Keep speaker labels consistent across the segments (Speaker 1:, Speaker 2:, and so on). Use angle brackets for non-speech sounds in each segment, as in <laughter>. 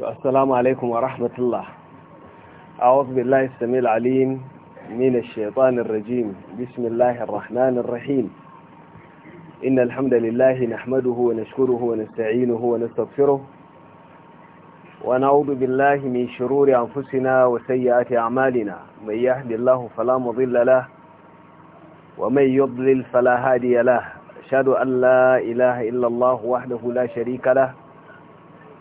Speaker 1: to assalamu alaikum wa rahmatullah a'udhu samil alim minash shaitanir rajim bismillahir rahmanir rahim innal hamdalillahi nahmaduhu wa nashkuruhu wa nasta'inuhu wa nastaghfiruh anfusina wa a'malina may yahdihillahu fala mudilla wa may yudlil fala hadiya lahu ashhadu an la ilaha la sharika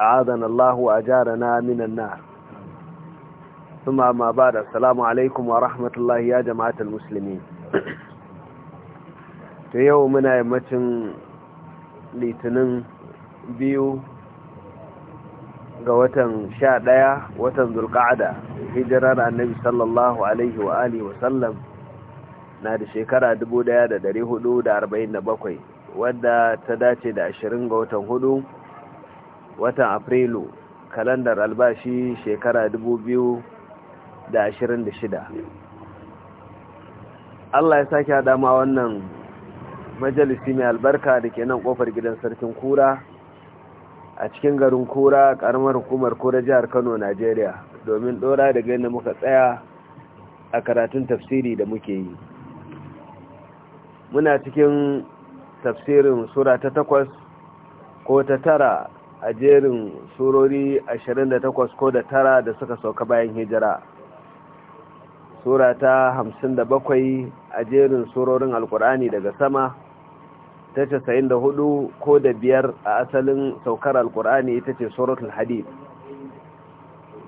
Speaker 1: أعاذنا الله وأجارنا من النار ثم ما بعد السلام عليكم ورحمة الله يا جماعة المسلمين يومنا يمتن بيو litinin شادية ga watan sha ɗaya watan صلى الله عليه وآله وسلم wa shekara dubu daya da hudu da shekara bakwai wadda ta dace da ashirin ga watan hudu watan afrilu kalandar albashi shekara da da ashirin shida. Allah ya sake haɗa ma wannan majalisi mai albarka da ke nan kofar gidan sarkin kura a cikin garin kura karamar hukumar kura jihar kano najeriya domin ɗora da yadda muka tsaya a karatun tafsiri da muke yi muna cikin tafsirin sura ta takwas ko ta tara a jerin surori 28 ko da tara da suka sauka bayan hijira sura ta 57 a jerin surorin alkur'ani daga sama ta 94 ko da biyar a asalin saukar alkur'ani ita ce suratul hadid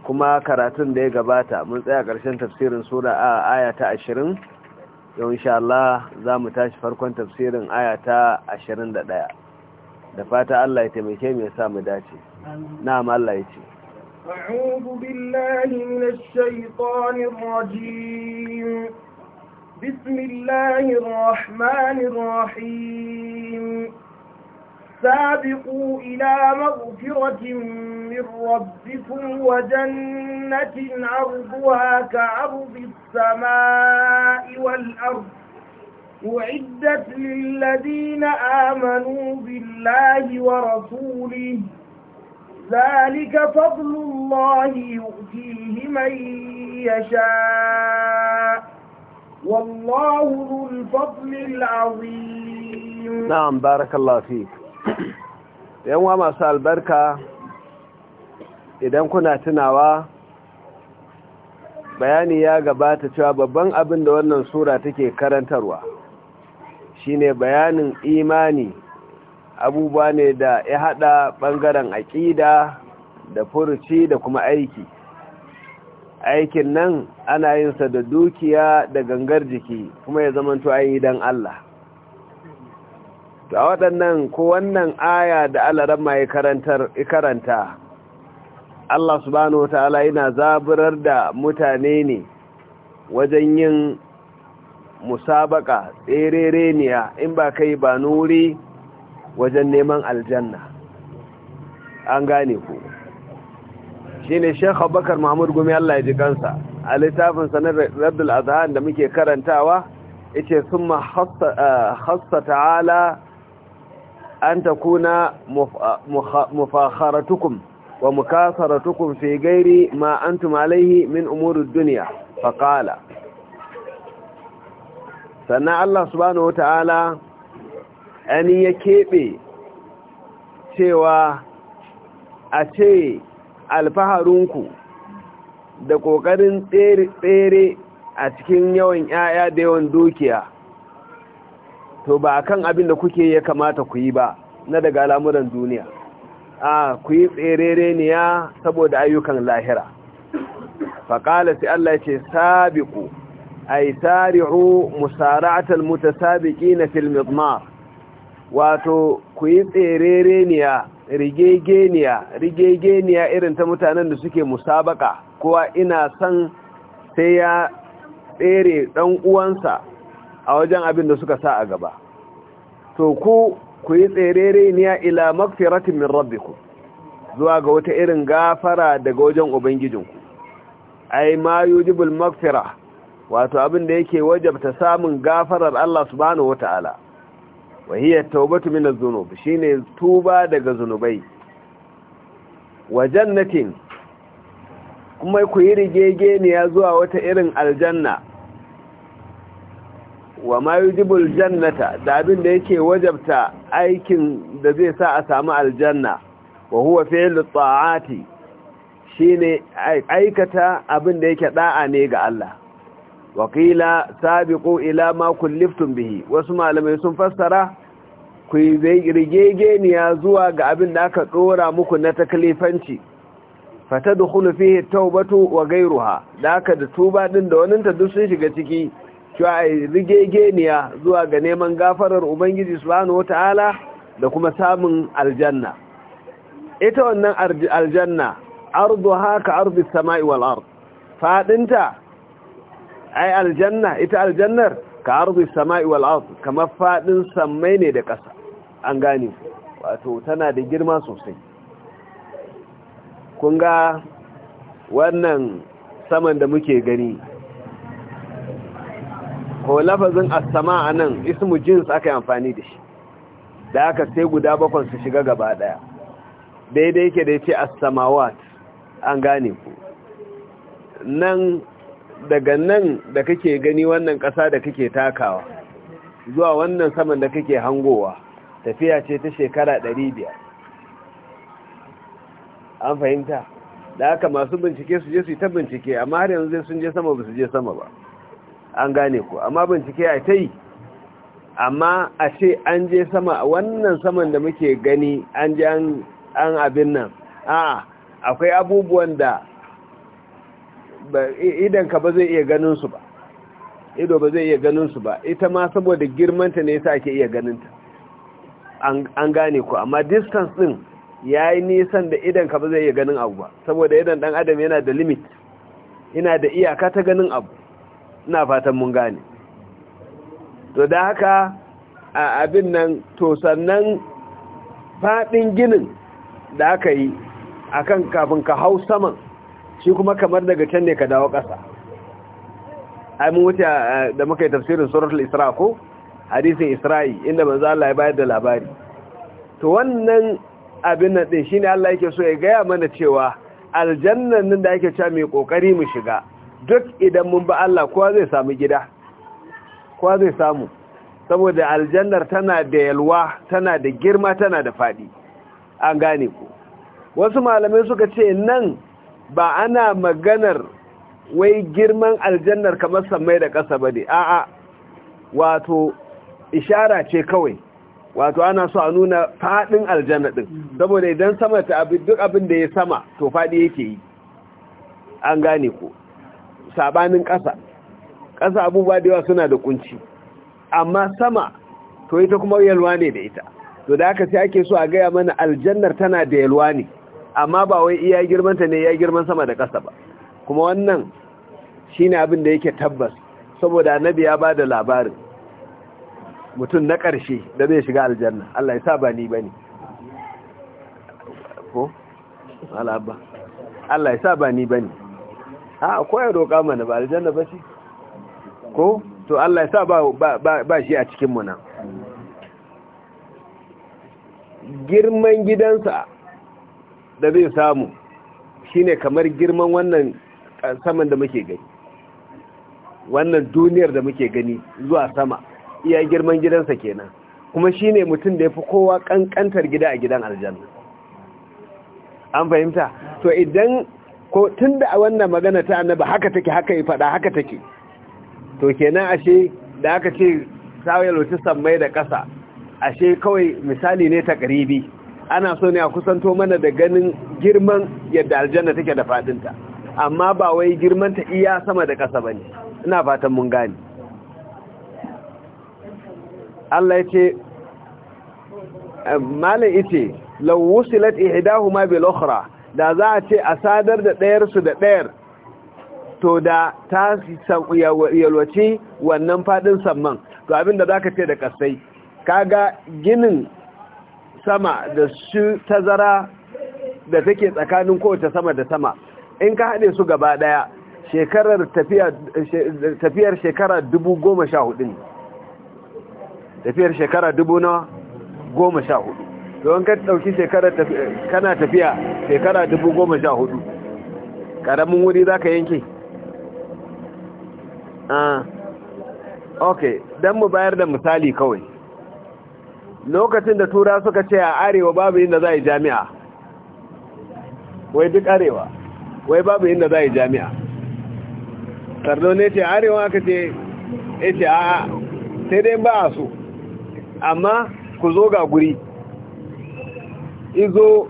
Speaker 1: kuma karatun da ya gabata mun tsaya ƙarshen tafsirin sura a aya ta 20 yau insha Allah za mu tashi farkon tafsirin aya ta 21 da fata Allah ya taimake mu ya sa mu dace na'am Allah ya
Speaker 2: ce أعوذ بالله من الشيطان الرجيم بسم الله الرحمن الرحيم سابقوا إلى مغفرة من ربكم وجنة عرضها كعرض السماء والأرض أعدت للذين آمنوا بالله ورسوله ذلك فضل الله يؤتيه من يشاء والله ذو الفضل العظيم
Speaker 1: نعم بارك الله فيك يوم yanwa سأل بركة idan kuna tunawa bayani ya gabata cewa babban abin da wannan sura take karantarwa shine bayanin imani abubuwa ne da ya hada bangaren aƙida da furuci da kuma aiki aikin nan ana yin sa da dukiya da gangar jiki kuma ya zamanto an yi don Allah a waɗannan ko wannan aya da alarama ya karanta Allah subhanahu wa ta'ala yana zaburar da mutane ne wajen yin musabaka tserereniya in ba kai ba nuri wajen neman aljanna an gane ku shi ne shekha bakar mahmud gumi allah ya ji kansa a littafin sanar rabdul azhan da muke karantawa ita sun ma ta'ala an ta kuna ah, mufakharatukum wa mukasaratukum fi gairi ma alaihi min umurin duniya faƙala sannan Allah subhanahu wata'ala ɗani ya keɓe cewa a ce ku' da ƙoƙarin tsere a cikin yawan 'ya'ya da yawan dukiya to ba a kan abin da kuke ya kamata ku yi ba na daga al'amuran duniya a ku yi tserere ne ya saboda ayyukan lahira faƙala sai Allah ce sabiku ay tari'u musara'atal mutasabiqina fil midmar wato ku yi tserereniya rigegeniya rigegeniya irin ta mutanen da suke musabaka kowa ina son sai ya tsere dan uwansa a wajen abin da suka sa a gaba to ku ku yi tserereniya ila magfiratin min rabbikum zuwa ga wata irin gafara daga wajen ubangijinku ai ma yujibul magfira wato abin da yake wajabta samun gafarar Allah subhanahu wata'ala wa hiya tawbatu min adh-dhunub shine tuba daga zunubai wa jannatin kuma ku yi rigege ne ya zuwa wata irin aljanna wa ma jannata da abin da yake wajabta aikin da zai sa a samu aljanna wa huwa fi'lu ta'ati shine aikata abin da yake da'a ne ga Allah Wakila sabiqu ila ma kulliftum bihi wasu malamai sun fassara ku rigegeniya zuwa ga abin da aka ɗora muku na takalifanci fata dukulu fihi taubatu wa gairuha da aka da tuba ɗin da waninta duk sun shiga ciki cewa rigegeniya zuwa ga neman gafarar ubangiji subhanahu wata'ala da kuma samun aljanna ita wannan aljanna ardu haka ardu sama'i wal ard fadinta ai aljanna ita aljannar ka arzi sama'i wal kamar fadin samai ne da ƙasa an gane wato tana da girma sosai kun ga wannan saman da muke gani ko lafazin as a nan, ismu jins aka yi amfani da shi da aka sai guda bakon su shiga gaba daya daidai yake da yace as-samawat an gane ku nan daga nan da kake gani wannan ƙasa da kake takawa zuwa wannan saman da kake hangowa tafiya ce ta shekara ɗari biyar an fahimta da haka masu bincike su je su yi ta bincike amma har yanzu sun je sama ba su je sama ba an gane ku amma bincike a ta yi amma a ce an je sama wannan saman da muke gani an je an abin nan a akwai abubuwan da idan ka ba zai iya ganin su ba ido ba zai iya ganin ba ita ma saboda girmanta ne yasa ake iya ganin ta an gane ku amma distance din yayi nisan da idan ka ba zai iya ganin abu ba saboda idan dan adam yana da limit ina da iyaka ta ganin abu ina fatan mun gane to da haka a abin nan to sannan faɗin ginin da aka yi akan kafin ka hau saman shi kuma kamar daga can ne ka dawo ƙasa ai mun wuce eh, da muka yi tafsirin suratul isra ko hadisin isra'i inda manzo Allah ya bayar da labari to wannan abin nan din shine Allah yake so ya gaya mana cewa aljannan nan da yake cewa mai kokari mu shiga duk idan mun ba Allah kowa zai samu gida kowa zai samu saboda aljannar tana da yalwa tana da girma tana da fadi an gane ku wasu malamai suka ce nan ba ana maganar wai girman aljannar kamar samai da ƙasa ba ne a'a wato ishara ce kawai wato ana so a nuna faɗin aljanna ɗin saboda idan sama ta duk abin da ya sama to faɗi yake yi an gane ko sabanin ƙasa ƙasa abubuwa da yawa suna da kunci amma sama to ita kuma yalwa ne da ita to da haka sai ake so a gaya mana aljannar tana da yalwa ne amma ba wai iya girman ta ne ya girman sama da ƙasa ba kuma wannan shine abin da yake tabbas saboda annabi ya bada labarin mutum na ƙarshe da zai shiga aljanna Allah ya sa ba ni bane ko alaba Allah ya sa ba ni bane a ko ya roƙa mana ba aljanna ba shi ko to Allah ya sa ba ba shi a cikin mu na. girman gidansa da zai samu shine kamar girman wannan saman da muke gani wannan duniyar da muke gani zuwa sama iya girman gidansa kenan kuma shine mutum da ya fi kowa kankantar gida a gidan aljanna an fahimta to idan ko tun da wannan magana ta annaba haka take haka yi fada haka take to kenan ashe da aka ce sawayar wuce sammai da ƙasa ashe kawai misali ne ta ƙaribi ana so ne a kusanto mana da ganin girman yadda aljanna take da fadinta amma ba wai girman ta iya sama da ƙasa bane ina fatan mun gani. Allah ya ce malin ite law wusilat ihdahuma bil ukhra da za a ce a sadar da ɗayarsu da ɗayar to da ta yalwaci wannan fadin samman to abinda zaka ce da kasai kaga ginin sama da su tazara da take tsakanin kowace sama da sama in ka haɗe su gaba ɗaya shekarar tafiyar shekara dubu goma sha hudu ne tafiyar shekara dubu na goma sha hudu don ka ɗauki shekarar kana tafiya shekara dubu goma sha hudu ƙaramin wuri za ka yanki, ah, ok don mu bayar da misali kawai lokacin da tura suka ce a arewa babu inda za a yi jami'a wai duk arewa wai babu inda za a yi jami'a sardo ne ce arewa aka ce ya ce a sai dai ba a so amma ku zo ga guri izo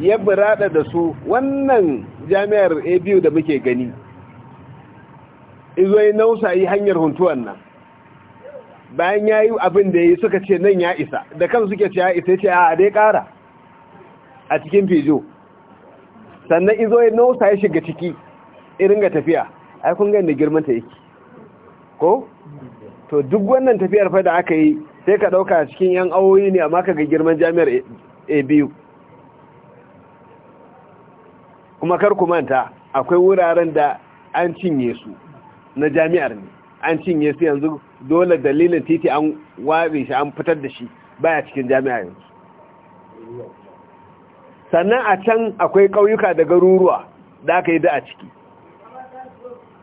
Speaker 1: ya burada da su wannan jami'ar abu da muke gani izo ya nausa yi hanyar huntuwan nan bayan ya yi abin da ya yi suka ce nan ya isa da kan suke ce ya isa ce a dai ƙara a cikin fijo sannan izo ya nausa ya shiga ciki irin ga tafiya ai kun gani da girman ta yake ko to duk wannan tafiyar fa da aka yi sai ka ɗauka cikin yan awoyi ne amma ka ga girman jami'ar a biyu kuma kar ku manta akwai wuraren da an cinye su na jami'ar ne an cinye su yanzu dole dalilin titi an ware shi an fitar da shi baya cikin jami'a
Speaker 3: yanzu
Speaker 1: sannan a can akwai ƙauyuka da garuruwa da aka yi da a ciki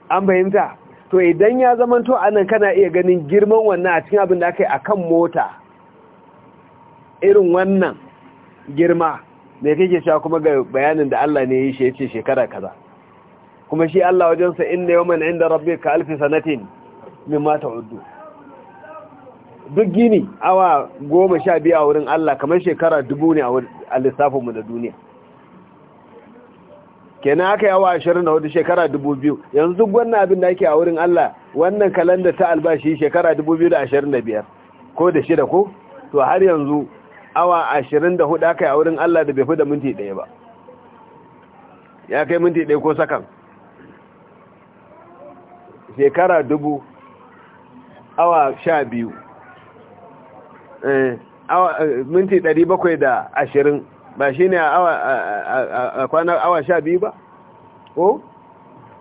Speaker 1: an fahimta to idan ya zamanto a nan kana iya ganin girman wannan a cikin abin da aka yi a kan mota irin wannan girma da kake sha kuma ga bayanin da Allah ne ya yi shi ya ce shekara kaza kuma shi Allah wajensa inda mana inda rabbi ka alfi sanatin mimma uddu. duk gini awa goma sha biyu a wurin Allah kamar shekara dubu ne a lissafinmu da duniya kenan aka yi awa ashirin da hudu shekara dubu biyu yanzu wannan abin da ake a wurin Allah wannan kalanda ta albashi shekara dubu biyu da ashirin da biyar ko da shida ko to har yanzu awa ashirin da hudu aka yi a wurin Allah da bai fi da minti ɗaya ba ya kai minti ɗaya ko sakan shekara dubu awa sha biyu eh, eh, minti ɗari bakwai da ashirin ba shi ne a kwanar awa sha biyu ba? ko?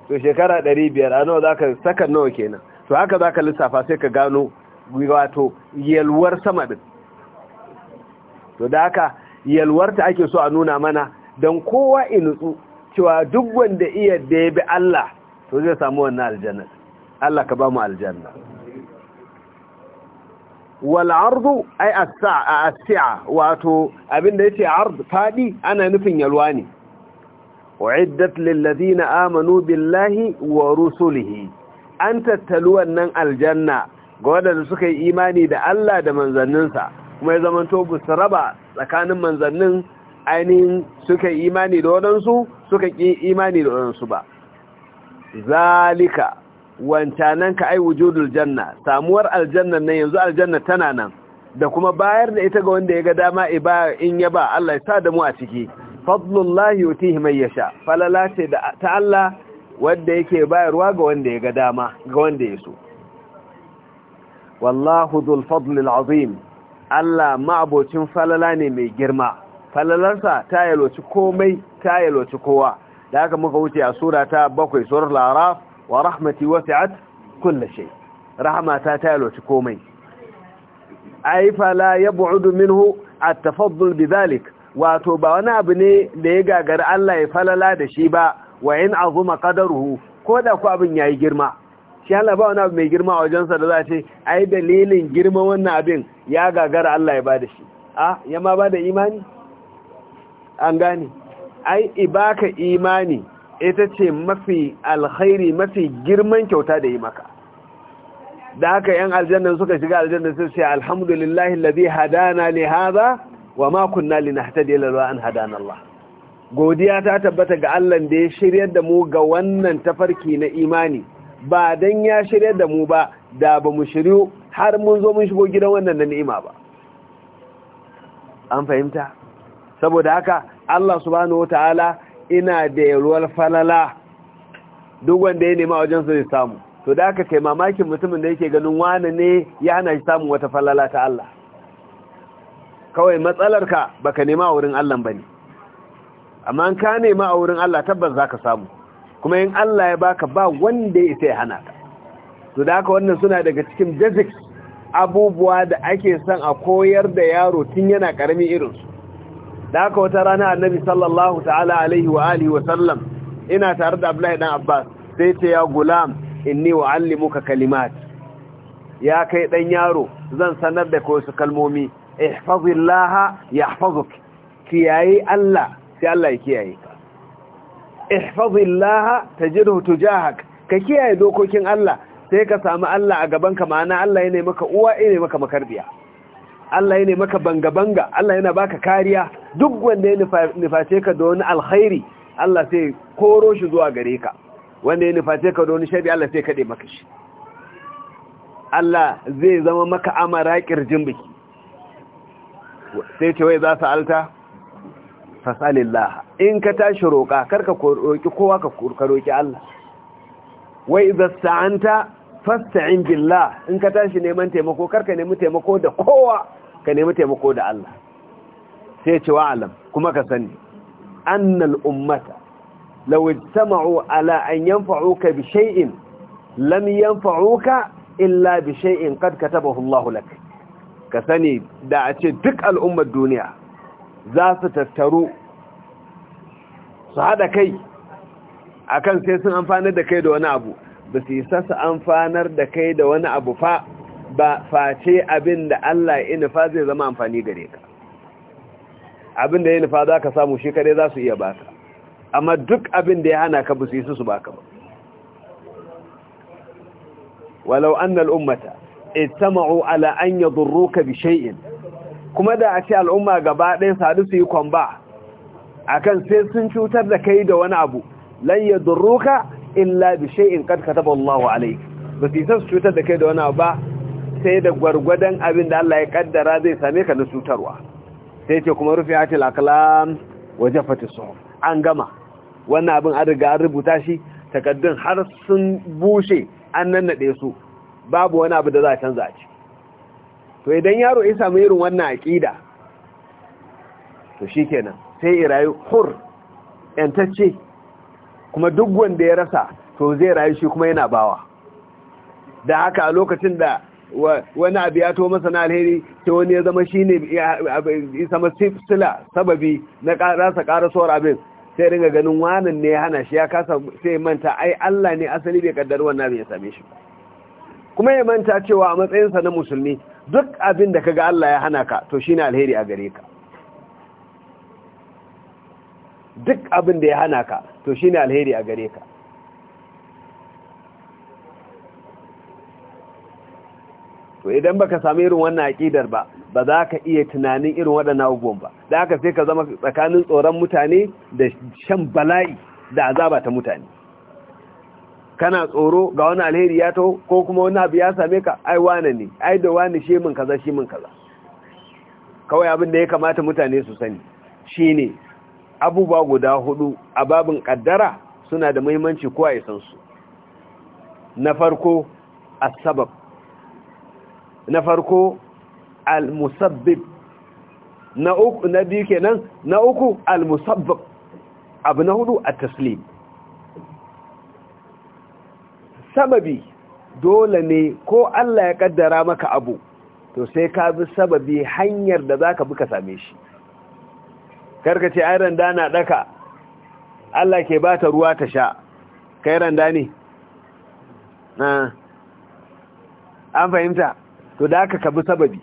Speaker 1: to shekara ɗari biyar a nawa za ka sakan nawa kenan to haka za ka lissafa sai ka gano wato yalwar sama ɗin to da haka yalwar ta ake so a nuna mana don kowa inutsu cewa duk wanda iya da ya bi Allah to zai samu wannan aljanna Allah ka ba mu aljanna wal'ardu ai asi'a wato abinda ya ce ardu faɗi ana nufin yalwa ne wa'iddat lillazina amanu billahi wa rusulihi an tattalu wannan aljanna ga waɗanda suka yi imani da Allah da manzanninsa kuma ya zamanto bu su raba tsakanin manzannin ainihin suka yi imani da wadansu, suka ƙi imani da waɗansu ba zalika wancanan ka ai wujudul janna samuwar aljanna ne yanzu aljanna tana nan da kuma bayar da ita ga wanda ya ga dama iba in ya ba Allah ya sa da mu a ciki fadlullahi yutihi man yasha falala ce da ta Allah wanda yake bayarwa ga wanda ya ga dama ga wanda ya so wallahu dhul azim Allah ma'abocin falala ne mai girma falalarsa ta ci komai ta ci kowa da haka muka wuce a surata bakwai surar laraf wa rahmati wasi'at kulli shay rahmata ta yalwaci komai ai fala yab'udu minhu at-tafaddul bidhalik wato ba wani abu ne da ya gagari Allah ya falala da shi ba wa in azuma qadaruhu ko da ku abin yayi girma shi Allah ba wani abu mai girma a wajensa da za ce ai dalilin girma wannan abin ya gagara Allah ya bada shi ah ya bada imani an gane ai ibaka imani ita ce mafi alkhairi mafi girman kyauta da yi maka da haka yan aljanna suka shiga aljannan sai sai alhamdulillahi alladhi hadana li hadha wa ma kunna linahtadiya lawla an hadana Allah godiya ta tabbata ga Allah da ya shiryar da mu ga wannan tafarki na imani ba dan ya shiryar da mu ba da ba mu shiryu har mun zo mun shigo gidan wannan ni'ima ba an fahimta saboda haka Allah subhanahu wataala ina da yaruwar falala duk wanda ya nema wajen zai samu to da aka kai mamakin mutumin da yake ganin wani ne ya hana shi samun wata falala ta Allah kawai matsalarka baka nema a wurin Allah bane amma an ka nema a wurin Allah tabbas ka samu kuma in Allah ya baka ba wanda ya isa ya hana ka to da aka wannan suna daga cikin basic abubuwa da ake son a koyar da yaro tun yana karami irinsu da aka wata rana annabi sallallahu ta'ala alaihi wa alihi wa sallam ina tare da Abdullahi dan Abbas sai ce ya gulam inni wa'allimuka kalimat ya kai dan yaro zan sanar da kai su kalmomi ihfazillaha yahfazuk kiyaye Allah sai Allah ya kiyaye ka ta tajidhu tujahak ka kiyaye dokokin Allah sai ka sami Allah a gaban ka ma'ana Allah ya ne maka uwa ya ne maka makarbiya Allah ya ne maka banga-banga Allah yana baka kariya duk wanda ya nuface ka da wani alkhairi Allah sai koro shi zuwa gare ka wanda ya nuface ka da wani shari'a Allah sai kaɗe maka shi Allah zai zama maka amara ƙirjin biki sai ce wai za su alta fasalillah in ka tashi roƙa karka roƙi kowa ka roƙi Allah wai za fasta'in billah in ka tashi neman taimako kar ka nemi taimako da kowa ka nemi taimako da Allah sai ce wa alam kuma ka sani annal ummata law ijtama'u ala an yanfa'uka bi shay'in lam yanfa'uka illa bi shay'in qad katabahu Allah lak ka sani da a ce duk al'ummar duniya za su tattaru su haɗa kai akan sai sun amfana da kai da wani abu ba su isa su amfanar da kai da wani abu fa ba face abin da Allah ya nufa zai zama amfani gare ka abin da ya nufa za ka samu shi kare za su iya baka amma duk abin da ya hana ka ba su ba su baka ba walau annal ummata ittama'u ala an ka bi shay'in kuma da a ce al'umma gaba ɗaya sadu su yi kwamba a kan sai sun cutar da kai da wani abu lan ka illa bi shay'in qad kataba Allahu alayk ba su san cutar da kai da wani ba sai da gurgurdan abin da Allah ya kaddara zai same ka na cutarwa sai ce kuma rufi'atil aqlam wa jafati suhuf an gama wannan abin an riga an rubuta shi takaddun har sun bushe an nannade su babu wani abu da za a canza a to idan yaro ya samu irin wannan aqida to shikenan sai irayu hur yantacce kuma duk wanda ya rasa to zai rayu shi kuma yana bawa da haka a lokacin da wani abu ya to masa na alheri ta wani ya zama shi ne ya sama sila sababi na rasa karasowar abin sai ringa ganin wanan ne ya hana shi ya kasa sai manta ai Allah ne asali bai kaddar wannan abin ya same shi kuma ya manta cewa a matsayinsa na musulmi duk abin da kaga Allah ya hana ka to shi shine alheri a gare ka duk abin da ya hana ka to shine alheri a gare ka to idan baka sami irin wannan aƙidar ba ba za ka iya tunanin irin waɗannan abubuwan ba da aka sai ka zama tsakanin tsoron mutane da shan bala'i da azaba ta mutane kana tsoro ga wani alheri ya taho ko kuma wani abu ya same ka ai wane ne ai da wane shi min kaza shi min kaza kawai abin da ya kamata mutane su sani shi ne. abubuwa guda hudu a babin kaddara suna da muhimmanci kowa ya san su na farko sabab. na farko al-musabbib na uku na biyu kenan na uku al-musabbab abu na hudu a taslim sababi dole ne ko Allah ya kaddara maka abu to sai ka bi sababi hanyar da zaka bi ka same shi karka ce ai randa na daka Allah ke ba ta ruwa ta sha kai randa ne na an fahimta to da aka kabi sababi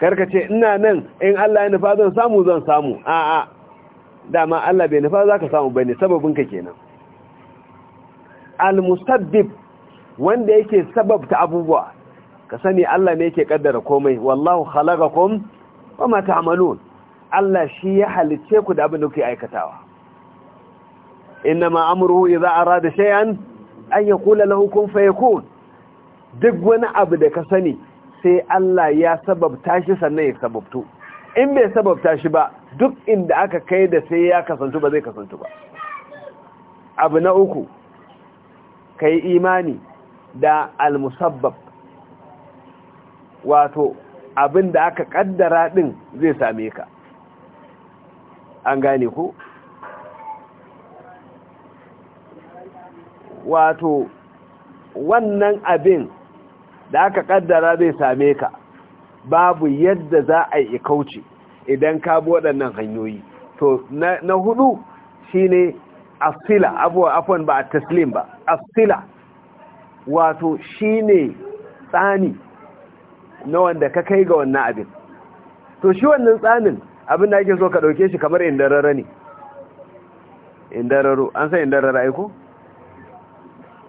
Speaker 1: karka ce ina nan in Allah ya nufa zan samu zan samu a'a dama Allah bai nufa za ka samu bane ne sababinka kenan al-musabbib wanda yake sababta abubuwa ka sani Allah ne yake kaddara komai wallahu khalaqakum ma ta'malun Allah shi ya halice ku da abin da kuke aikatawa innama amruhu idza arada shay'an an yaqula lahu kun fayakun duk wani abu da ka sani sai Allah ya sababta shi sannan ya sababtu in bai sababta shi ba duk inda aka kai da sai ya kasantu ba zai kasantu ba abu na uku ka yi imani da almusabbab wato abin da aka kaddara din zai same ka an gane ku? wato wannan abin da aka kaddara zai same ka babu yadda za a yi kauce idan ka bi waɗannan hanyoyi to na hudu shine asila abuwa Afon ba a taslim ba asila wato shine tsani na wanda ka kai ga wannan abin to shi wannan tsanin abin da ake so ka ɗauke shi kamar indarara ne indararo an san indarara aiko?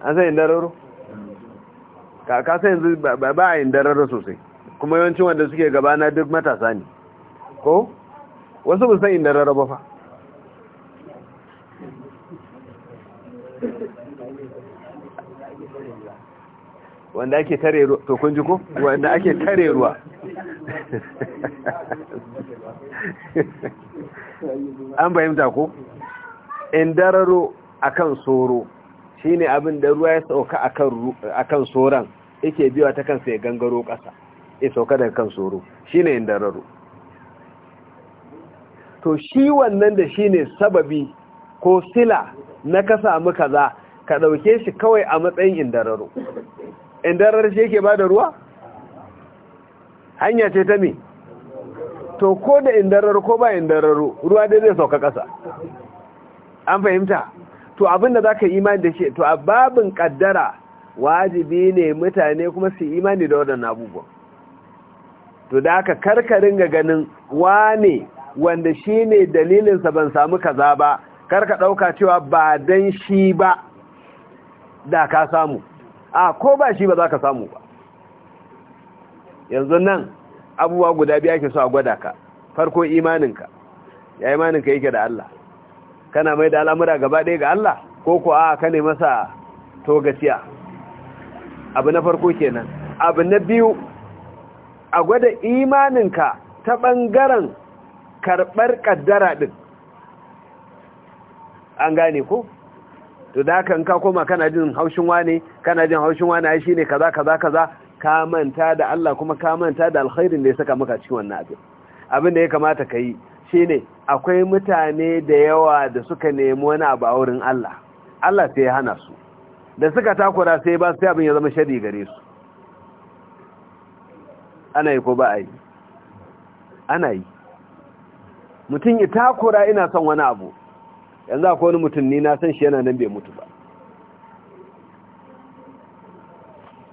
Speaker 1: an san indararo? ka sai yanzu ba a indararo sosai kuma yawancin wanda suke gabana duk matasa ne ko? wasu musan indararo ba fa wanda ake tare ruwa to kun ji ko wanda ake tare ruwa an bayyanta ko in dararo akan soro shine abin da ruwa ya sauka akan akan soran yake biwa ta kansa ya gangaro ƙasa ya sauka daga kan soro shine in dararo to shi wannan da shine sababi ko sila na kasa muka kaza ka ɗauke shi kawai a matsayin indararo indarar shi yake ba ruwa hanya ce ta mi to ko da indarar ko ba indarar ruwa dai zai sauka ƙasa an fahimta to abinda za ka imani da shi to a babin ƙaddara wajibi ne mutane kuma su imani da wadannan abubuwan to da aka karkarin ga ganin wane wanda shi ne dalilinsa ban samu kaza ba karka ɗauka cewa ba don shi ba da ka samu a ko ba shi ba za ka samu ba yanzu nan abubuwa guda biya ke so a gwada ka farko imaninka ya imaninka yake da Allah kana mai da al'amura gaba ɗaya ga Allah ko ko a ka ne masa togaciya abu na farko kenan abu na biyu a gwada imaninka ta ɓangaren karɓar ƙaddara ɗin an gane ko to da kan ka koma kana jin haushin wane kana jin haushin wane ai shine kaza kaza kaza ka manta da Allah kuma ka manta da alkhairin da ya saka maka cikin wannan abin abin da ya kamata ka yi shine akwai mutane da yawa da suka nemi wani abu a wurin Allah Allah sai ya hana su da suka takura sai ba sai abin ya zama shari gare su ana yi ko ba a yi ana yi mutum ya takura ina son wani abu yanzu akwai wani mutum ni na san shi yana nan bai mutu ba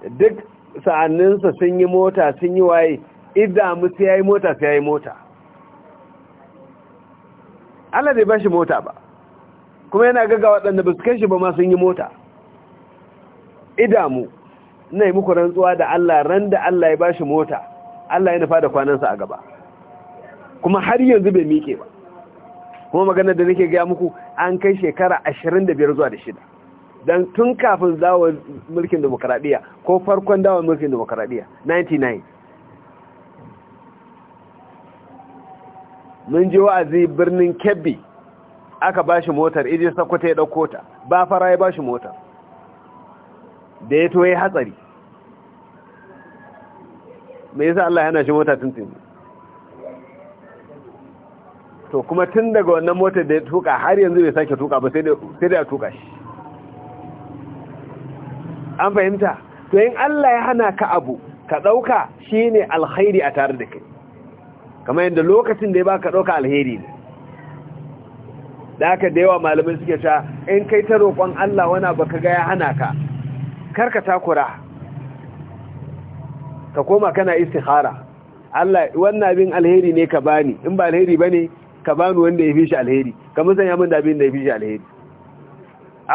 Speaker 1: duk sa'anninsa sun yi mota sun yi waye idamu sai ya yi mota sai ya yi mota Allah bai ba shi mota ba kuma yana gaga waɗanda ba su kai shi ba ma sun yi mota idamu na yi muku rantsuwa da Allah ran da Allah ya ba shi mota Allah ya nufa da kwanansa a gaba kuma har yanzu bai miƙe ba kuma maganar da nake gaya muku an kai shekara 25 zuwa da shida don tun kafin zawon mulkin demokaradiyya ko farkon dawa mulkin demokaradiyya 99 mun ji wa'azi birnin kebbi aka ba shi motar iji sakwata ya ɗauko ta ba fara ya ba shi motar da ya toye hatsari mai yasa Allah yana shi mota tuntun to kuma tun daga wannan motar da ya tuka har yanzu bai sake tuka ba sai da ya tuka shi an fahimta to yin Allah ya hana ka abu ka ɗauka shi ne alheri a tare da kai kamar yadda lokacin da ya ba ka ɗauka alheri ne da aka da yawa malamin suke sha, in kai ta roƙon Allah wana baka ga ya hana ka karka takura ka koma kana istikhara Allah wannan abin alheri ne ka bani in ba alheri bane ka bani wanda ya fi shi alheri ka musanya min da abin da ya fi shi alheri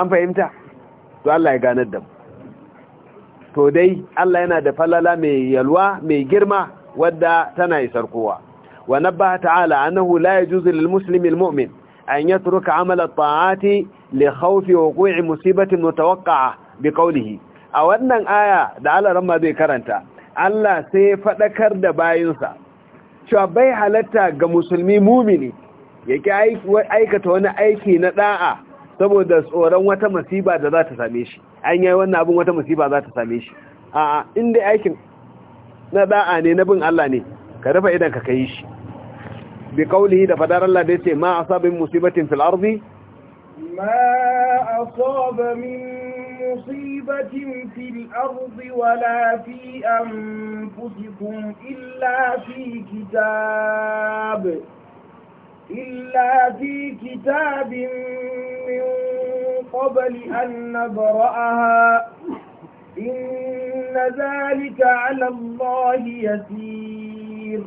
Speaker 1: an fahimta to Allah ya ganar da to dai Allah yana da falala mai yalwa mai girma wadda tana isar kowa wa nabbaha ta'ala annahu la yajuzu lil muslimi al mu'min an yatruka amal amala ta'ati li khawfi wuqu'i musibatin mutawaqqa'a bi qawlihi a wannan aya da Allah ramma zai karanta Allah sai ya fadakar da bayinsa cewa bai halatta ga musulmi mumini yake aikata wani aiki na da'a saboda tsoron wata masiba da za ta same shi an yi wannan abin wata masiba za ta same shi a inda aikin na da'a ne na bin Allah ne ka rufe idan ka kai shi bi kaulihi da fadar Allah da yace ma asabin musibatin fil ardi
Speaker 2: ma asaba min مصيبة في الأرض ولا في أنفسكم إلا في كتاب إلا في كتاب من قبل أن نبرأها إن ذلك على الله يسير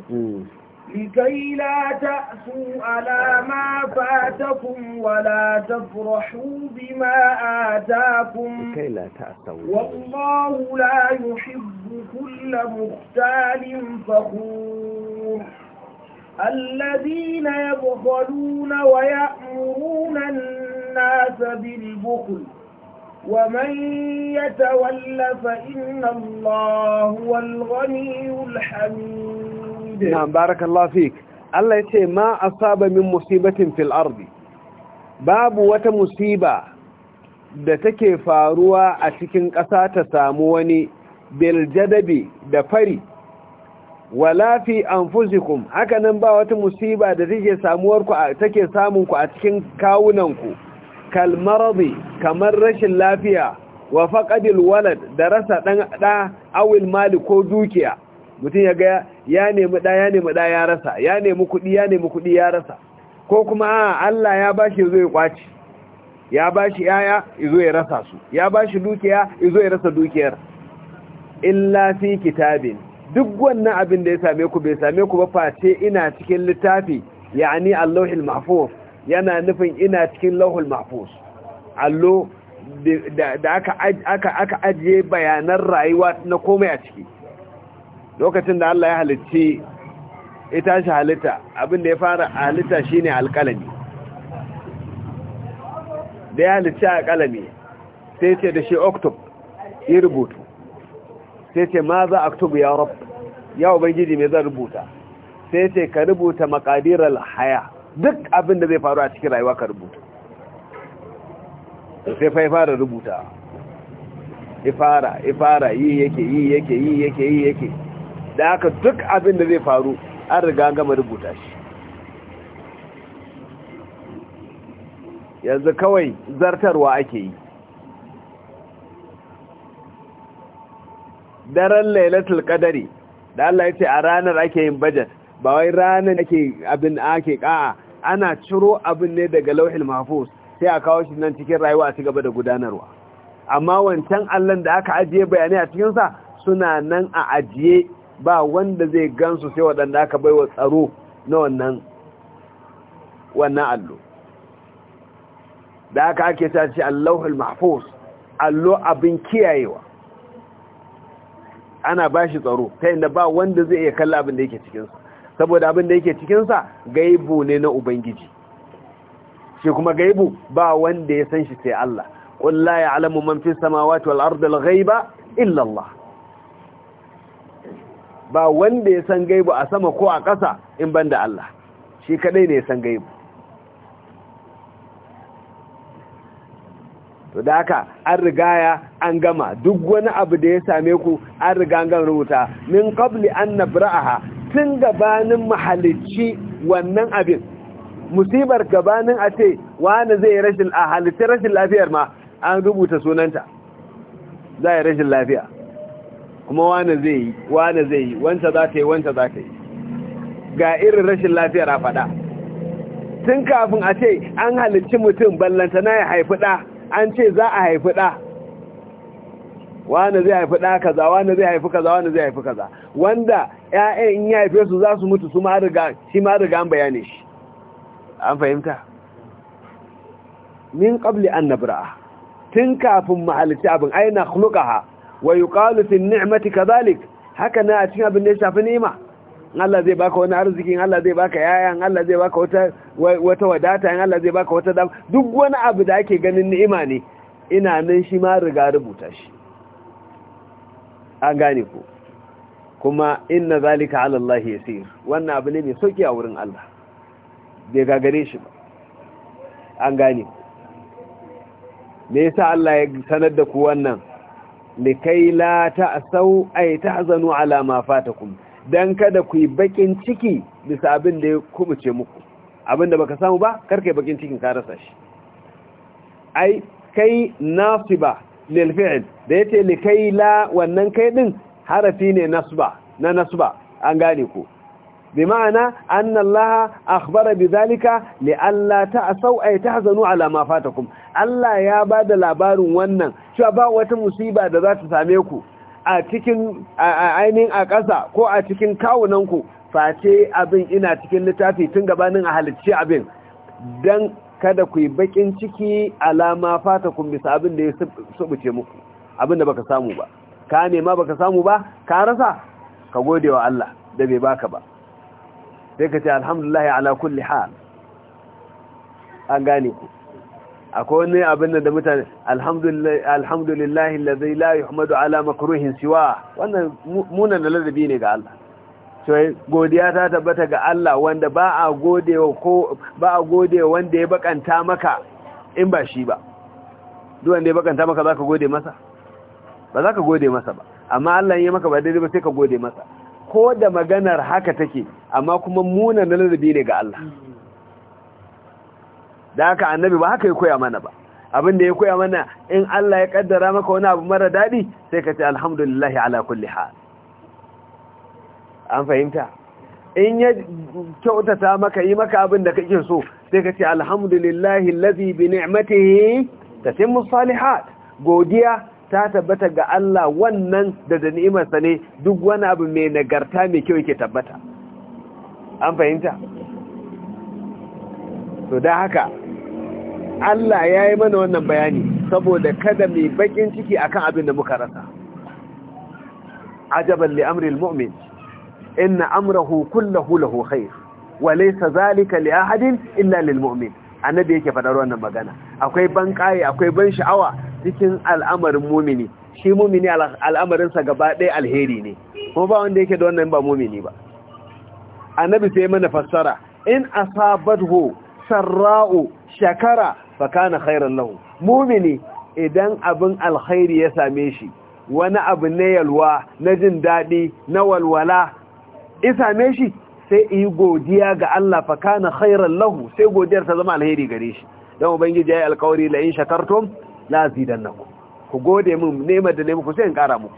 Speaker 2: لكي لا تأسوا على ما فاتكم ولا تفرحوا بما آتاكم
Speaker 1: لكي لا تأسوا
Speaker 2: والله لا يحب كل مختال فخور الذين يبخلون ويأمرون الناس بالبخل ومن يتول فإن الله هو الغني الحميد
Speaker 1: na barakallahu fik Allah ya ce ma asaba min musibatin fil ardi babu wata musiba da take faruwa a cikin ƙasa ta samu wani biljadabi da fari wala fi anfusikum hakanan ba wata musiba da take samuwar ku take samun ku a cikin kawunan ku kal maradi kamar rashin lafiya wa faqadil walad da rasa dan da awil mali ko dukiya mutum ya ga ya nemi ɗa, ya nemi ɗa ya rasa ya nemi kuɗi ya nemi kuɗi ya rasa ko kuma Allah ya bashi zo ya kwaci ya bashi yaya izo ya rasa su ya bashi dukiya izo ya rasa dukiyar illa fi kitabin duk wannan abin da ya same ku bai same ku ba face ina cikin littafi yani allahul mahfuz yana nufin ina cikin lauhul mahfuz allo da aka aka ajiye bayanan rayuwa na komai a ciki lokacin da Allah ya halicci ita shi halitta abin da ya fara halitta shine alƙalami da ya halicci ƙalami, sai ce da shi oktob yi rubutu sai ce ma za oktob ya rub ya ubangiji mai zan rubuta sai ce ka rubuta makadirar haya duk abin da zai faru a cikin rayuwa ka rubuta sai fa ya fara rubuta ifara ifara yi yake yi yake yi yake yi yake da haka duk abin da zai faru an riga gama rubuta shi yanzu kawai zartarwa ake yi daren lailatul kadari da Allah ya ce a ranar ake yin bajet ba wai ranar ake abin ake ka'a ana ciro abin ne daga lauhin mahfuz sai a kawo shi nan cikin rayuwa a cigaba da gudanarwa amma wancan allon da aka ajiye bayanai a cikinsa suna nan a ajiye ba wanda zai gansu sai waɗanda aka baiwa tsaro na wannan wannan allo da aka ake sa ce allahul mahfuz allo abin kiyayewa ana ba shi tsaro ta inda ba wanda zai iya kalla abin da yake cikinsa saboda abin da yake cikinsa gaibu ne na ubangiji shi kuma gaibu ba wanda ya san shi sai Allah qul la ya'lamu man fis samawati wal ardi al ghaiba illa ba wanda ya san gaibu a sama ko a ƙasa in banda Allah shi kaɗai ne ya san gaibu to da haka an rigaya an gama duk wani abu da ya same ku an riga an gama rubuta min qabli an nabraha tun gabanin mahalicci wannan abin musibar gabanin a ce wani zai rashin a rashin lafiyar ma an rubuta sunanta za rashin lafiya kuma wane zai yi wane zai yi wanta za ta yi wanta za ta yi ga irin rashin lafiyar a faɗa tun kafin a ce an halicci mutum ballanta na ya haifi ɗa an ce za a haifi ɗa wane zai haifi ɗa kaza wane zai haifi kaza wane zai haifi kaza wanda ‘ya'yan in ya haife su za su mutu su ma riga shi ma an bayane shi an fahimta min qabli an nabra'a tun kafin mahalicci abin aina hulukaha wa yuqalu fi ni'mati kadhalik haka na a cikin abin da ya shafi ni'ima Allah zai baka wani arziki. Allah zai baka yayan Allah zai baka wata wata wadata in Allah zai baka wata dama duk wani abu da ake ganin ni'ima ne ina nan shi ma riga rubuta shi an gane ku kuma inna zalika ala Allah yasir wannan abu ne mai sauki a wurin Allah bai gagare shi ba an gane me yasa Allah ya sanar da ku wannan likai la ta ta'sau ay tahzanu ala ma fatakum dan kada ku yi bakin ciki bisa abin da ya kubuce muku abin da baka samu ba yi bakin cikin karasa shi ai kai nasiba lil fi'l da yace likai la wannan kai din harafi ne nasba na nasba an gane ku بمعنى أن الله أخبر بذلك لألا تأسوا أي تحزنوا على ما فاتكم ألا يا بعد لابار ونن شو با wata musiba ساميكو أتكين ta same كو أتكين كاو ننكو a أبين إن أتكين cikin kawunanku أهل abin ina cikin kada ku yi bakin ciki alama fata kun bisa abin da ya subuce muku abin da baka samu ba ka nema baka samu ba ka rasa ka gode wa Allah da bai baka ba sai ka ce alhamdulillah ala kulli hal an gane ku akwai wani abin da mutane alhamdulillah lazai la yuhmadu ala makruhin siwa wannan munan ladabi ne ga Allah sai godiya ta tabbata ga Allah wanda ba a godewa ko ba a godewa wanda ya bakanta maka in ba shi ba duk wanda ya bakanta maka zaka gode masa ba zaka gode masa ba amma Allah ya maka ba daidai ba sai ka gode masa ko da maganar haka take amma kuma muna na lalabi ne ga Allah da haka annabi ba haka ya koya mana ba abin da ya koya mana in Allah ya kaddara maka wani abu mara daɗi sai ka ce alhamdulillahi ala kulli hal an fahimta in ya kyautata maka yi maka abin da kake so sai ka ce alhamdulillahi allazi bi ni'matihi tatimmu salihat godiya ta tabbata ga Allah wannan da da ni'imarsa ne duk wani abu mai nagarta mai kyau yake tabbata an fahimta to da haka Allah ya yi mana wannan bayani saboda kada mai bakin ciki akan abin da muka rasa ajaban li amril mu'min inna amrahu kullahu lahu khair wa laysa zalika li ahadin illa lil mu'min annabi yake faɗar wannan magana akwai ban kaye akwai ban sha'awa cikin al'amarin mumini shi mumini al'amarinsa gaba ɗaya alheri ne kuma ba wanda yake da wannan ba mumini ba annabi sai mana fassara in asabathu sarra'u shakara fa kana khairan lahu mumini idan abin alkhairi ya same shi wani abu na yalwa na jin daɗi na walwala in same shi sai yi godiya ga Allah fa kana khairan lahu sai godiyar ta zama alheri gare shi don ubangiji ya yi alkawari la in shakartum la zidannakum ku gode mun nema da nema ku sai in kara muku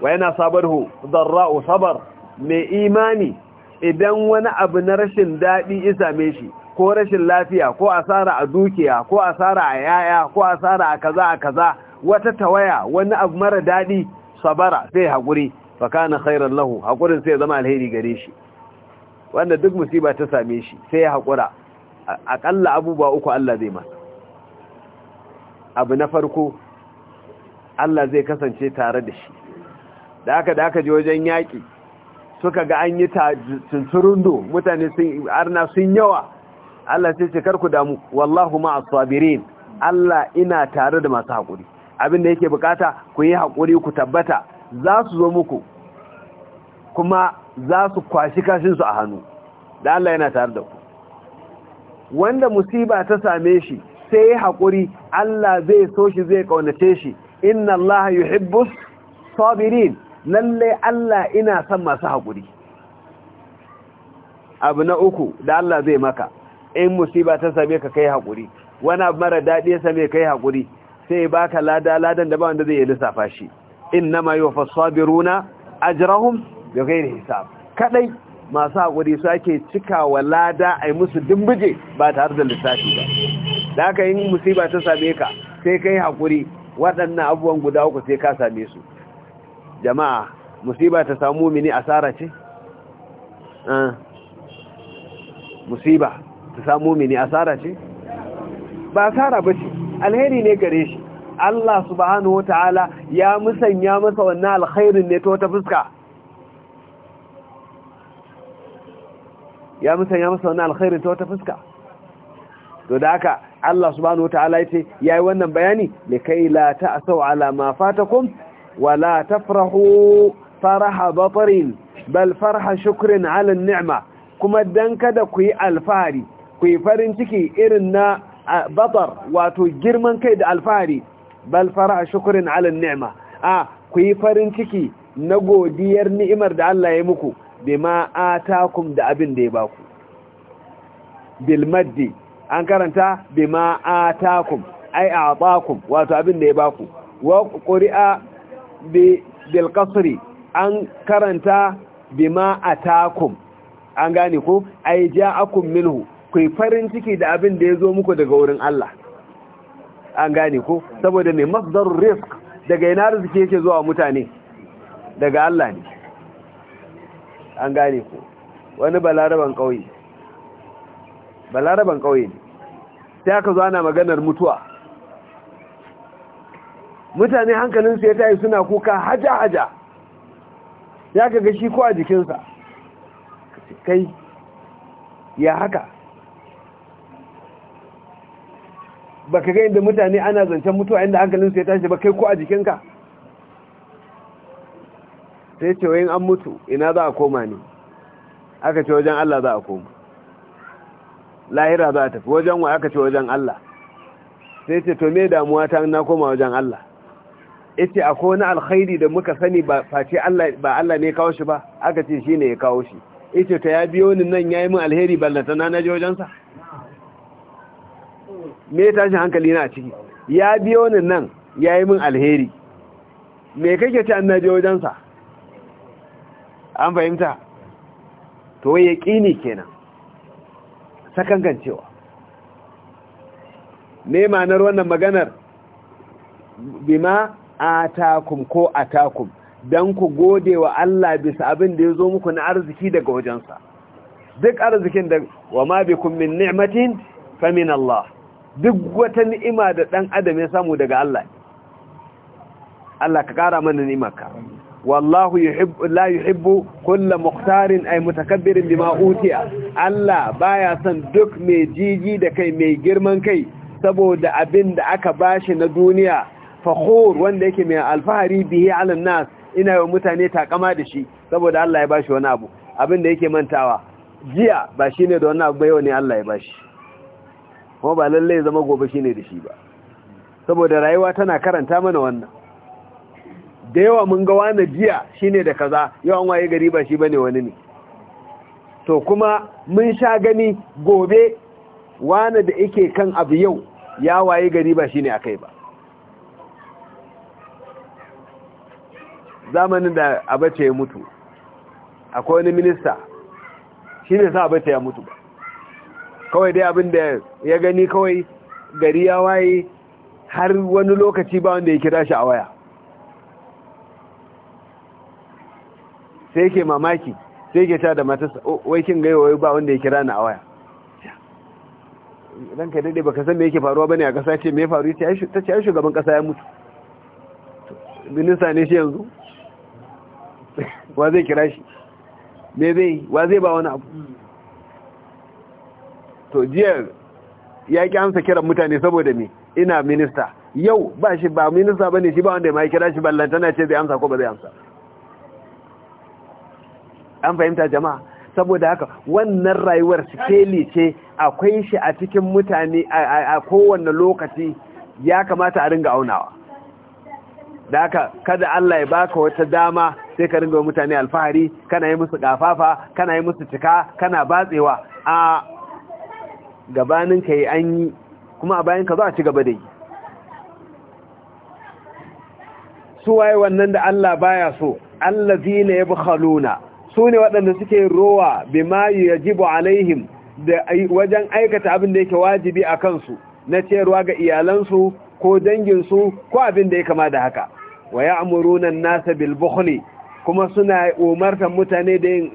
Speaker 1: wa yana sabarhu darra'u sabar mai imani idan wani abu na rashin daɗi isa same shi ko rashin lafiya ko asara a dukiya ko asara a yaya ko asara a kaza a kaza wata tawaya wani abu mara daɗi sabara sai haƙuri fa kana khairan lahu haƙurin sai zama alheri gare shi wanda duk musiba ta same shi sai ya haƙura aƙalla abubuwa uku Allah zai masa abu na farko Allah zai kasance tare da shi da aka da aka ji wajen yaƙi suka ga an yi tunturundo mutane sun arna sun yawa Allah sai ce karku damu wallahu ma asabirin Allah ina tare da masu haƙuri abin da yake bukata ku yi haƙuri ku tabbata za su zo muku kuma za su kwashi kashinsu a hannu da Allah yana tare da ku wanda musiba ta same shi sai ya haƙuri Allah zai so shi zai ƙaunace shi inna Allah yuhibbu sabirin lalle Allah ina son masu haƙuri abu na uku da Allah zai maka in musiba ta same ka kai haƙuri wani abu mara daɗi ya same kai haƙuri sai ya baka lada ladan da ba wanda zai lissafa shi inna yuwaffas sabiruna ajrahum bi ghairi hisab kadai masu haƙuri su ake cikawa lada a yi musu dimbije ba tare da lissafi ba da aka yi musiba ta same ka sai ka yi haƙuri waɗannan abubuwan guda uku sai ka same su jama'a musiba ta samu mini asara ce? Ah. musiba ta samu mini asara ce? ba asara ba ce alheri ne gare shi Allah subhanahu wa ta'ala ya musanya masa wannan alkhairin ne ta wata fuska ya musanya masa wani alkhairin ta wata fuska to da haka Allah subhanahu wataala yace yayi wannan bayani kai la ta'sau ala ma fatakum wa la tafrahu faraha batrin bal farha shukrin ala ni'ma kuma dan kada ku yi alfahari ku yi farin ciki irin na batar wato girman kai da alfahari bal faraha shukrin ala ni'ma a ku yi farin ciki na godiyar ni'imar da Allah ya muku bima atakum da abin da ya baku bil maddi an karanta bima atakum ai atakum wato abin da ya baku wa quri'a bi bil qasri an karanta bima atakum an gane ko ai ja'akum minhu kai farin ciki da abin da ya zo muku daga wurin Allah an gane ko saboda mai masdarur risk daga ina arziki yake zuwa mutane daga Allah ne an gane ku wani balaraban kauye balaraban ƙauye ne sai aka zo ana maganar mutuwa mutane hankalinsu ya tayi suna kuka haja-haja ya kaga shi ko a jikinsa kai ya haka ba ka ga inda mutane ana zancen mutuwa inda hankalinsu ya tashi ba kai ko a jikinka sai ce wayin an mutu ina za a koma ne aka ce wajen Allah za a koma lahira za a tafi wajen wa aka ce wajen Allah sai ce to me damuwa ta na koma wajen Allah yace akwai wani alkhairi da muka sani ba face Allah ba Allah ne kawo shi ba aka ce shine ya kawo shi yace to ya biyo ni nan yayi min alheri ballata na naje wajen sa me tashin hankali na ciki ya biyo ni nan yayi min alheri me kake ce an naje wajen sa an fahimta to wai yaqini kenan sakangancewa me ma'anar wannan maganar bima atakum ko atakum dan ku gode wa Allah bisa abin da ya zo muku na arziki daga wajensa duk arzikin da wa ma bikum min ni'matin fa min Allah duk wata ni'ima da dan adam ya samu daga Allah Allah ka kara mana ni'imarka wallahu يحب لا يحب كل مختار اي متكبر بما اوتي Allah baya son duk mai jiji da kai mai girman kai saboda abin da aka bashi na duniya fakhur wanda yake mai alfahari bihi ala nas ina yi mutane takama da shi saboda Allah ya bashi wani abu abin da yake mantawa jiya ba shine da wannan abu ba yau ne Allah ya bashi kuma ba lalle zama gobe shine da shi ba saboda rayuwa tana karanta mana wannan da yawa mun ga wani jiya shine da kaza yawan waye gari ba shi bane wani ne to kuma mun sha gani gobe wani da yake kan abu yau ya waye gari ba shine akai ba zamanin da abace ya mutu akwai wani minista shine sa abace ya mutu ba kawai dai abin da ya gani kawai gari ya waye har wani lokaci ba wanda ya kira shi a waya sai yake mamaki sai yake ta da matarsa wai kin gaiwa wai ba wanda ya kira ni a waya idan ka ba baka san me yake faruwa bane a ƙasa ce me faru ta ce ai shugaban ƙasa ya mutu minista ne shi yanzu <laughs> wa zai kira shi me zai wa zai ba wani abu to jiya ya ki amsa kiran mutane saboda me ina minista yau ba shi ba minista bane shi ba wanda ya ma kira shi ballantana ce zai amsa ko ba zai amsa an fahimta jama'a saboda haka wannan rayuwar sikeli ce akwai shi a cikin mutane a kowane lokaci ya kamata a ringa aunawa da haka kada Allah ya baka wata dama sai ka ringa mutane alfahari kana yi musu gafafa kana yi musu cika kana batsewa a gabanin ka yi an yi kuma a bayan ka za a ci gaba da yi su waye wannan da Allah baya so bi yabkhaluna su ne waɗanda suke rowa bima yajibu alaihim da wajen aikata abin da yake wajibi a kansu na cewa ga iyalansu ko danginsu ko abin da ya kama da haka wa ya an-nasa bil kuma suna umartan mutane da yin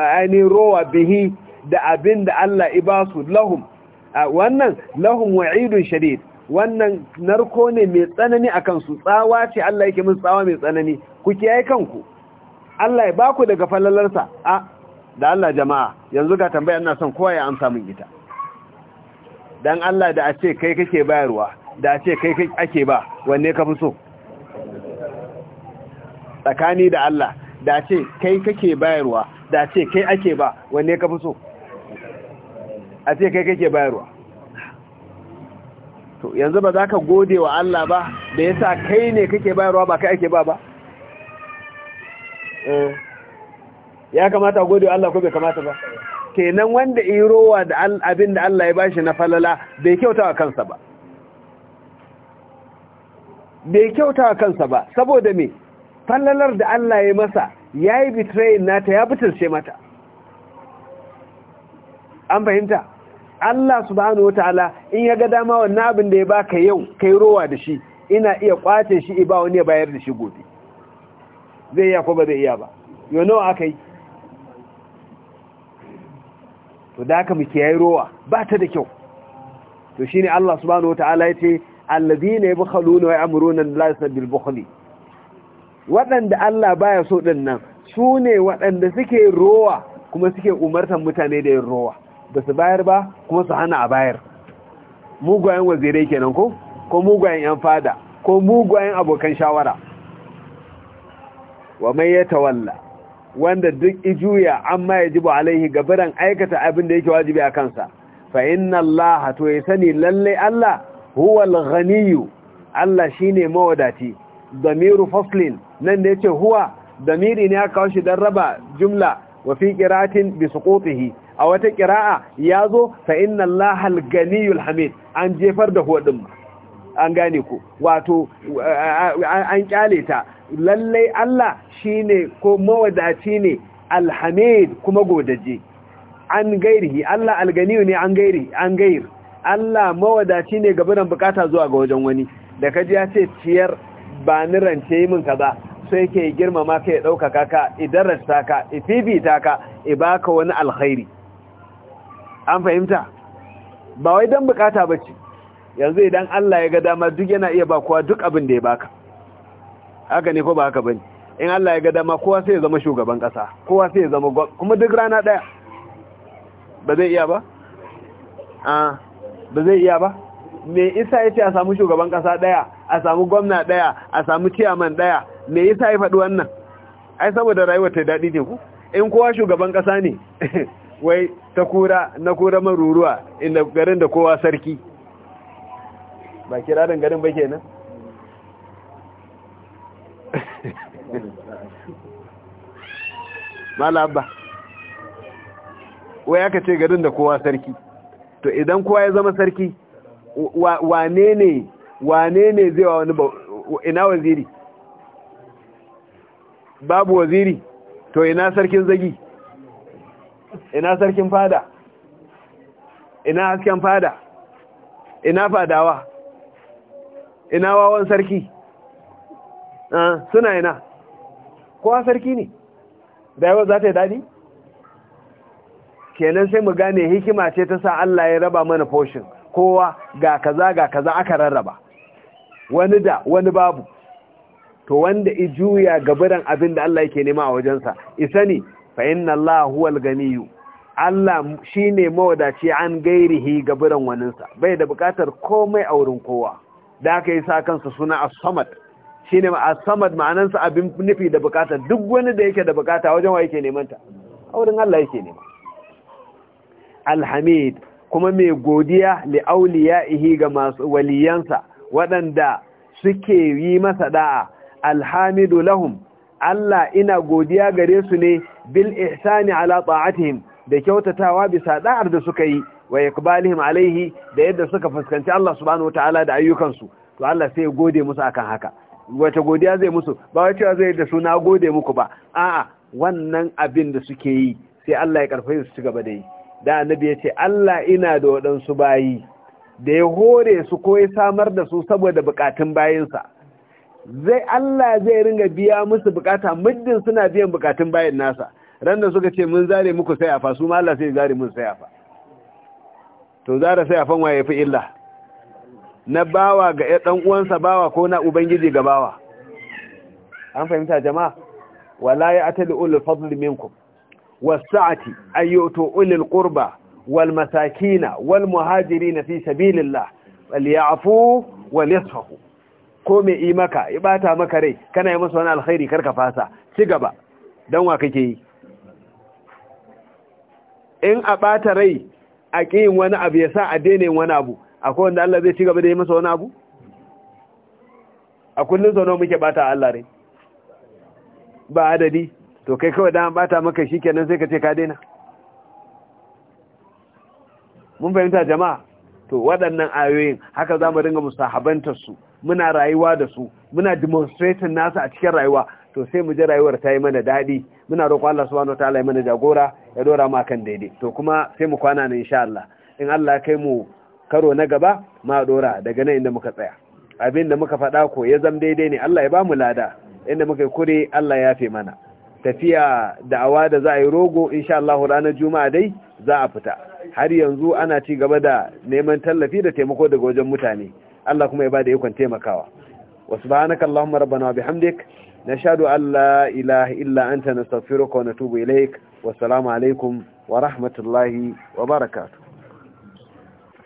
Speaker 1: ainihin rowa bihi da abin da Allah ibasu lahum wannan lahum wa'idun shadid wannan narko ne mai tsanani a kansu tsawa ce Allah yake min tsawa mai tsanani ku kiyaye kanku Allah ya baku daga falalarsa a da Allah jama'a yanzu ga tambaya ina son kowa ya amsa min ita dan Allah da a ce kai kake bayarwa da a ce kai ake ba wanne ka fi so tsakani da Allah da a ce kai kake bayarwa da a ce kai ake ba wanne ka fi so a ce kai kake bayarwa to yanzu ba za ka gode wa Allah ba da yasa kai ne kake bayarwa ba kai ake ba ba Eh. ya kamata gode Allah ko bai kamata ba kenan wanda yi rowa da abin da Allah ya bashi na falala bai kyauta wa kansa ba bai kyauta wa kansa ba saboda me falalar da Allah ya masa ya yi betrayin nata ya fitarce mata an fahimta Allah subhanahu wataala in ya ga dama wannan abin da ya baka yau kai rowa da shi ina iya kwace shi ba wani ya bayar da shi gobe zai iya ko ba zai iya ba yau nawa aka yi to da aka muke yayi rowa ba ta da kyau to shi ne Allah subhanahu wataala yace alladhina yabkhaluna wa ya'muruna an-nasa bil bukhli waɗanda Allah baya so din nan ne waɗanda suke rowa kuma suke umartan mutane da yin rowa ba su bayar ba kuma su hana a bayar mugayen wazirai kenan ko ko mugayen yan fada ko mugayen abokan shawara wa mai ya tawalla wanda duk ijuya amma ya jibo alaihi gabaran aikata abin da yake wajibi a kansa fa inna Allah to ya sani lalle Allah huwa al Allah shine mawadati damiru faslin nan da yace huwa damiri ne aka kawo shi dan raba jumla wa fi qira'atin bi suqutihi a wata qira'a yazo fa inna Allah al-ghaniyu al-hamid an jefar da huwa din an gane ku wato an kyale ta lallai Allah shi ne ko mawadaci ne alhamid kuma godaje an gairi Allah alganiyu ne an gairi an gair Allah mawadaci ne gaba nan bukata zuwa ga wajen wani da kaji ya ce ciyar ba ni rance yi min kaza sai ke girmama ka ya ɗaukaka ka idarasta ka ififita ka ibaka wani alkhairi an fahimta ba wai dan bukata ba ce yanzu idan Allah ya ga dama duk yana iya bakuwa duk abin da ya baka haka ne ko ba haka bane in Allah ya ga dama kowa sai ya zama shugaban kasa kowa sai ya zama kuma duk rana daya ba zai iya ba ah ba zai iya ba me isa yace a samu shugaban kasa daya a samu gwamna daya a samu chairman daya me isa ya faɗi wannan ai saboda rayuwar ta daɗi ne ku in kowa shugaban ƙasa ne <laughs> wai ta kura na kura maruruwa inda garin da kowa sarki ba kirarin garin ba kenan
Speaker 3: <laughs>
Speaker 1: Malaba. wai aka ce garin da kowa sarki to idan kowa ya zama sarki wane ne wane ne zai wa wani ba… ina waziri babu waziri to ina sarkin zagi ina sarkin fada ina hasken fada ina fadawa ina wawan sarki Ah, suna yana kowa sarki ne da yawa za ta yi daɗi kenan sai mu gane hikima ce ta sa Allah ya raba mana foshin kowa ga kaza ga kaza aka rarraba wani da wani babu to wanda i juya gaburan abin da Allah yake nema a wajensa isa ne fa inna Allah ganiyu Allah shine mawadaci an gairihi gaburan waninsa bai da bukatar komai a wurin kowa da aka yi sa kansa suna as-samad shine ma samad ma'anansa abin nufi da bukata duk wani da yake da bukata wajen wa yake neman ta a wurin Allah yake nema alhamid kuma mai godiya li ihi ga masu waliyansa waɗanda suke yi masa da'a alhamidu lahum Allah ina godiya gare su ne bil ihsani ala ta'atihim da kyautatawa bisa da'ar da suka yi wa iqbalihim alaihi da yadda suka fuskanci Allah subhanahu wataala da ayyukansu to Allah sai ya gode musu akan haka wata godiya zai musu ba wai cewa zai da suna gode muku ba a'a wannan abin da suke yi sai Allah ya karfafe su cigaba da yi da annabi ya ce Allah ina da waɗansu bayi da ya hore su ko ya samar da su saboda bukatun bayinsa zai Allah zai ringa biya musu bukata muddin suna biyan bukatun bayin nasa ran da suka ce mun zare muku sayafa su ma Allah sai zare mun sayafa to zara sayafan waye fi illa na bawa ga ɗan uwansa bawa ko na ubangiji ga bawa an fahimta jama'a wala ya atali ulul fadl minkum wasa'ati ayyutu yu'tu ulul qurba wal masakina wal na fi sabilillah falyafu wal yasfahu ko mai yi maka ya bata maka rai kana yi masa wani alkhairi karka fasa ci gaba dan wa kake yi in a bata rai a wani abu ya sa a daina wani abu akwai wanda Allah zai ci gaba da yi masa wani abu a kullum sau nawa muke bata Allah ne ba adadi to kai kawai da bata maka shi kenan sai ka ce ka daina mun fahimta jama'a to waɗannan ayoyin haka za mu dinga musahabantar su muna rayuwa da su muna demonstratin nasu a cikin rayuwa to sai mu ji rayuwar ta yi mana daɗi muna roƙo Allah subhanahu wataala ya mana jagora ya dora mu kan daidai to kuma sai mu kwana ne insha Allah in Allah ya kai mu karo na gaba ma dora daga nan inda muka tsaya abin da muka faɗa ko ya zam daidai ne Allah ya ba mu lada inda muka yi kure Allah ya fi mana tafiya da awa da za a yi rogo insha Allah ranar juma'a dai za a fita har yanzu ana ci gaba da neman tallafi da taimako daga wajen mutane Allah kuma ya ba da ikon taimakawa wa subhanaka allahumma rabbana wa bihamdik nashhadu an la ilaha illa anta nastaghfiruka wa natubu ilaik wa assalamu alaikum wa rahmatullahi wa barakatuh